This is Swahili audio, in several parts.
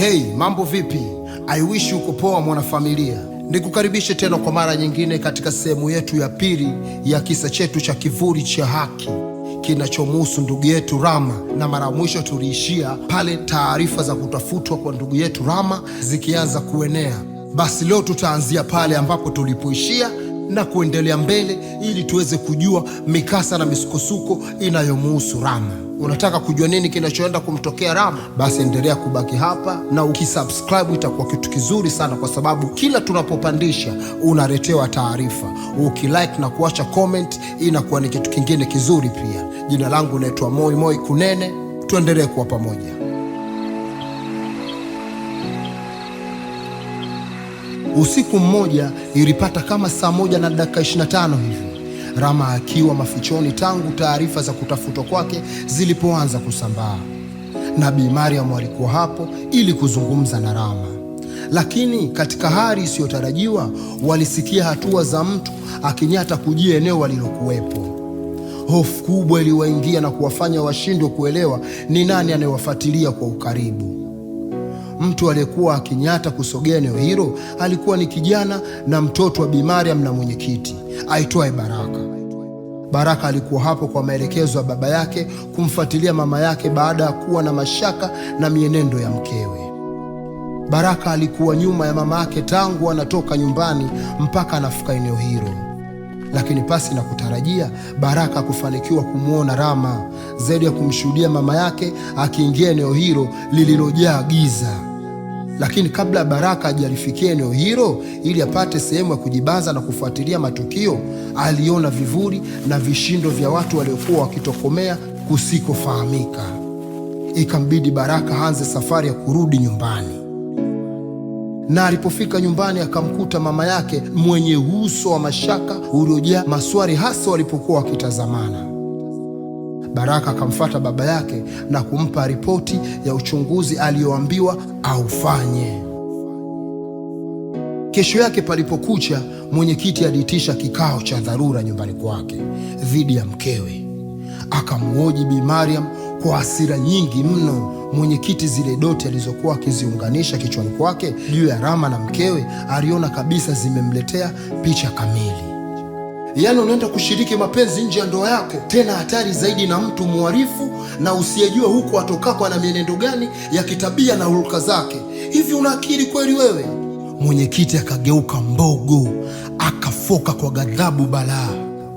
Hey, mambo vipi? I wish uko poa mwanafamilia. Nikukaribishe tena kwa mara nyingine katika sehemu yetu ya pili ya kisa chetu cha kivuli cha haki kinachomhusu ndugu yetu Rama, na mara mwisho tuliishia pale taarifa za kutafutwa kwa ndugu yetu Rama zikianza kuenea. Basi leo tutaanzia pale ambapo tulipoishia na kuendelea mbele ili tuweze kujua mikasa na misukosuko inayomuhusu Rama. Unataka kujua nini kinachoenda kumtokea Rama? Basi endelea kubaki hapa, na ukisubscribe itakuwa kitu kizuri sana, kwa sababu kila tunapopandisha unaletewa taarifa. Ukilike na kuacha comment inakuwa ni kitu kingine kizuri pia. Jina langu naitwa Moi Moi Kunene, tuendelee kuwa pamoja. Usiku mmoja ilipata kama saa moja na dakika 25 hivi Rama akiwa mafichoni tangu taarifa za kutafutwa kwake zilipoanza kusambaa. Nabii Mariamu alikuwa hapo ili kuzungumza na Rama, lakini katika hali isiyotarajiwa walisikia hatua za mtu akinyata kujia eneo walilokuwepo. Hofu kubwa iliwaingia na kuwafanya washindwe kuelewa ni nani anayewafuatilia kwa ukaribu. Mtu aliyekuwa akinyata kusogea eneo hilo alikuwa ni kijana na mtoto wa Bi na mwenyekiti aitwaye Baraka. Baraka alikuwa hapo kwa maelekezo ya baba yake kumfuatilia mama yake baada ya kuwa na mashaka na mienendo ya mkewe. Baraka alikuwa nyuma ya mama yake tangu anatoka nyumbani mpaka anafika eneo hilo, lakini pasi na kutarajia Baraka kufanikiwa kumwona Rama zaidi ya kumshuhudia mama yake akiingia eneo hilo lililojaa giza. Lakini kabla ya Baraka hajalifikia eneo hilo ili apate sehemu ya kujibaza na kufuatilia matukio, aliona vivuli na vishindo vya watu waliokuwa wakitokomea kusikofahamika. Ikambidi Baraka aanze safari ya kurudi nyumbani, na alipofika nyumbani akamkuta mama yake mwenye uso wa mashaka uliojaa maswali, hasa walipokuwa wakitazamana. Baraka akamfata baba yake na kumpa ripoti ya uchunguzi aliyoambiwa aufanye. Kesho yake palipokucha, mwenyekiti aliitisha kikao cha dharura nyumbani kwake dhidi ya mkewe. Akamhoji Bi Mariam kwa hasira nyingi mno. Mwenyekiti zile doti alizokuwa akiziunganisha kichwani kwake juu ya Rama na mkewe aliona kabisa zimemletea picha kamili yaani unaenda kushiriki mapenzi nje ya ndoa yako, tena hatari zaidi na mtu muharifu na usiyejua huko atokako ana mienendo gani ya kitabia na huruka zake. Hivi unaakili kweli wewe? Mwenyekiti akageuka mbogo, akafoka kwa ghadhabu balaa.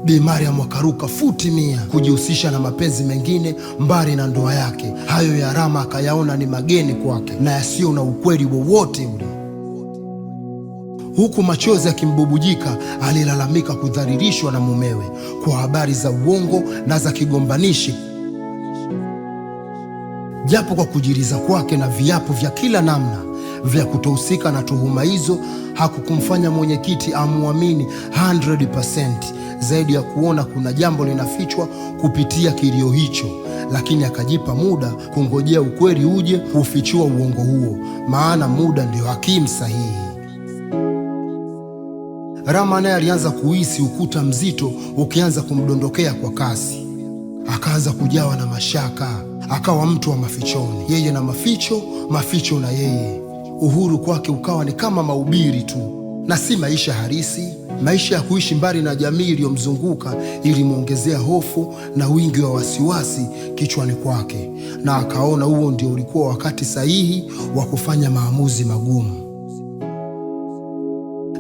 Bi Mariam akaruka futi mia kujihusisha na mapenzi mengine mbali na ndoa yake. Hayo ya Rama akayaona ni mageni kwake na yasiyo na ukweli wowote ule huku machozi akimbubujika alilalamika kudhalilishwa na mumewe kwa habari za uongo na za kigombanishi, japo kwa kujiriza kwake na viapo vya kila namna vya kutohusika na tuhuma hizo hakukumfanya mwenyekiti amwamini 100% zaidi ya kuona kuna jambo linafichwa kupitia kilio hicho, lakini akajipa muda kungojea ukweli uje kufichua uongo huo, maana muda ndio hakimu sahihi. Rama naye alianza kuhisi ukuta mzito ukianza kumdondokea kwa kasi. Akaanza kujawa na mashaka, akawa mtu wa mafichoni, yeye na maficho, maficho na yeye. Uhuru kwake ukawa ni kama mahubiri tu na si maisha halisi. Maisha ya kuishi mbali na jamii iliyomzunguka ilimwongezea hofu na wingi wa wasiwasi kichwani kwake, na akaona huo ndio ulikuwa wakati sahihi wa kufanya maamuzi magumu.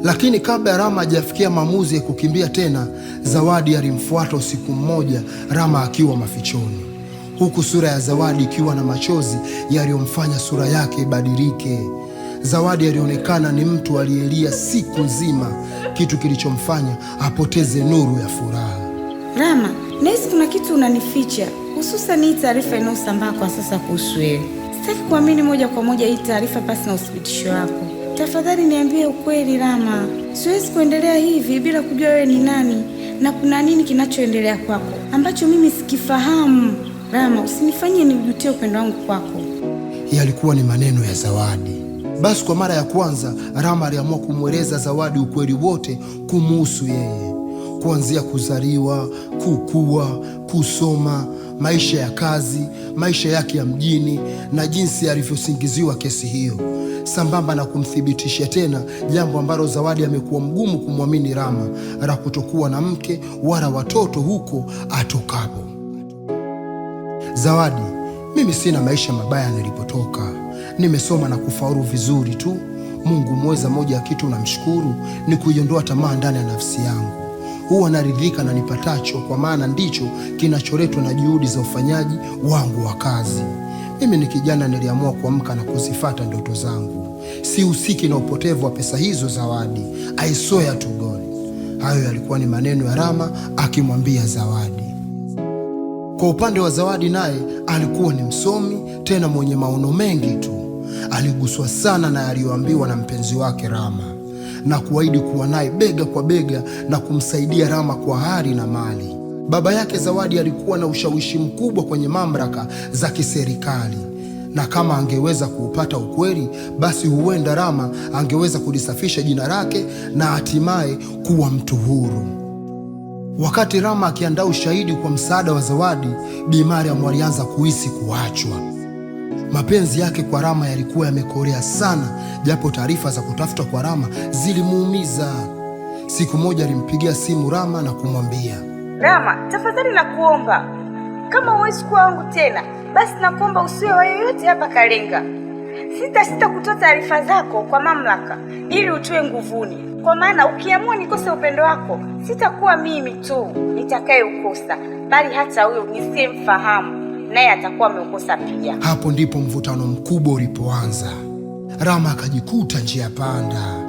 Lakini kabla ya Rama hajafikia maamuzi ya kukimbia tena, Zawadi alimfuata usiku mmoja, Rama akiwa mafichoni, huku sura ya Zawadi ikiwa na machozi yaliyomfanya sura yake ibadilike. Zawadi alionekana ni mtu aliyelia siku nzima, kitu kilichomfanya apoteze nuru ya furaha. Rama, nahisi kuna kitu unanificha, hususan hii taarifa inayosambaa kwa sasa kuhusu wewe. Sitaki kuamini moja kwa moja hii taarifa pasi na uthibitisho wako. Tafadhali niambie ukweli Rama, siwezi kuendelea hivi bila kujua wewe ni nani na kuna nini kinachoendelea kwako ambacho mimi sikifahamu. Rama, usinifanyie nijutie upendo wangu kwako. Yalikuwa ni maneno ya Zawadi. Basi kwa mara ya kwanza Rama aliamua kumweleza Zawadi ukweli wote kumuhusu yeye, kuanzia kuzaliwa, kukua, kusoma maisha ya kazi, maisha yake ya mjini na jinsi alivyosingiziwa kesi hiyo, sambamba na kumthibitishia tena jambo ambalo Zawadi amekuwa mgumu kumwamini Rama, la kutokuwa na mke wala watoto huko atokapo. Zawadi, mimi sina maisha mabaya nilipotoka, nimesoma na kufaulu vizuri tu. Mungu mweza, moja ya kitu namshukuru ni kuiondoa tamaa ndani ya nafsi yangu huwa naridhika na nipatacho, kwa maana ndicho kinacholetwa na juhudi za ufanyaji wangu wa kazi. Mimi ni kijana, niliamua kuamka na kuzifata ndoto zangu. Sihusiki na upotevu wa pesa hizo zawadi. I swear to God. Hayo yalikuwa ni maneno ya Rama akimwambia Zawadi. Kwa upande wa Zawadi, naye alikuwa ni msomi tena mwenye maono mengi tu. Aliguswa sana na aliyoambiwa na mpenzi wake Rama na kuahidi kuwa naye bega kwa bega na kumsaidia Rama kwa hali na mali. Baba yake Zawadi alikuwa na ushawishi mkubwa kwenye mamlaka za kiserikali, na kama angeweza kuupata ukweli, basi huenda Rama angeweza kulisafisha jina lake na hatimaye kuwa mtu huru. Wakati Rama akiandaa ushahidi kwa msaada wa Zawadi, Bi Mariam alianza kuhisi kuachwa. Mapenzi yake kwa Rama yalikuwa yamekorea sana, japo taarifa za kutafuta kwa Rama zilimuumiza. Siku moja alimpigia simu Rama na kumwambia, Rama, tafadhali nakuomba, kama huwezi kuwa wangu tena, basi nakuomba usiwe wa yoyote hapa Kalenga. sita kutoa taarifa zako kwa mamlaka ili utoe nguvuni, kwa maana ukiamua nikose upendo wako, sitakuwa mimi tu nitakaye ukosa, bali hata huyo nisiyemfahamu naye atakuwa ameukosa pia. Hapo ndipo mvutano mkubwa ulipoanza. Rama akajikuta njia panda,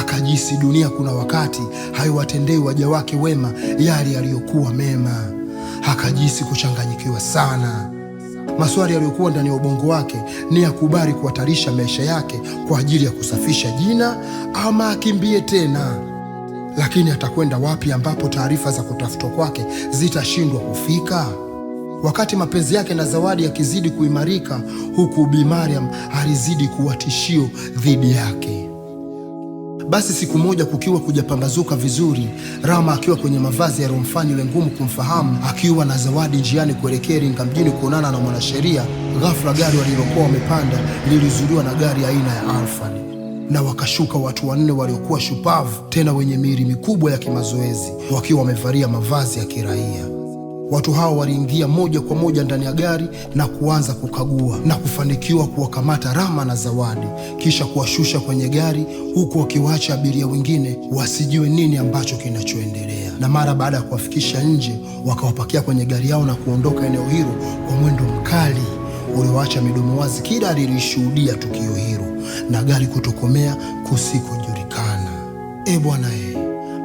akajisi dunia kuna wakati haiwatendei waja wake wema yale yaliyokuwa mema, akajisi kuchanganyikiwa sana. Maswali yaliyokuwa ndani ya ubongo wake ni yakubali kuhatarisha maisha yake kwa ajili ya kusafisha jina ama akimbie tena lakini atakwenda wapi ambapo taarifa za kutafutwa kwake zitashindwa kufika? Wakati mapenzi yake na Zawadi yakizidi kuimarika, huku Bi Mariam alizidi kuwa tishio dhidi yake. Basi siku moja, kukiwa kujapambazuka vizuri, Rama akiwa kwenye mavazi yaliyomfanya iwe ngumu kumfahamu, akiwa na Zawadi njiani kuelekea Iringa mjini kuonana na mwanasheria, ghafla gari walilokuwa wamepanda lilizuliwa na gari aina ya Alphard na wakashuka watu wanne waliokuwa shupavu tena wenye miili mikubwa ya kimazoezi wakiwa wamevalia mavazi ya kiraia. Watu hao waliingia moja kwa moja ndani ya gari na kuanza kukagua na kufanikiwa kuwakamata Rama na Zawadi, kisha kuwashusha kwenye gari, huku wakiwaacha abiria wengine wasijue nini ambacho kinachoendelea. Na mara baada ya kuwafikisha nje, wakawapakia kwenye gari yao na kuondoka eneo hilo kwa mwendo mkali ulioacha midomo wazi kila lilishuhudia tukio hilo, na gari kutokomea kusikojulikana. E bwana, e,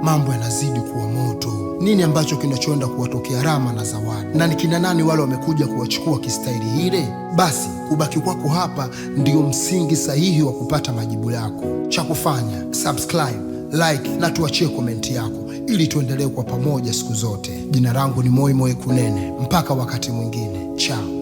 mambo yanazidi kuwa moto nini ambacho kinachoenda kuwatokea Rama na Zawadi, na ni kina nani wale wamekuja kuwachukua kistahili ile? Basi kubaki kwako hapa ndio msingi sahihi wa kupata majibu yako. Cha kufanya subscribe, like na tuachie komenti yako ili tuendelee kwa pamoja siku zote. Jina langu ni Moi Moi Kunene, mpaka wakati mwingine, chao.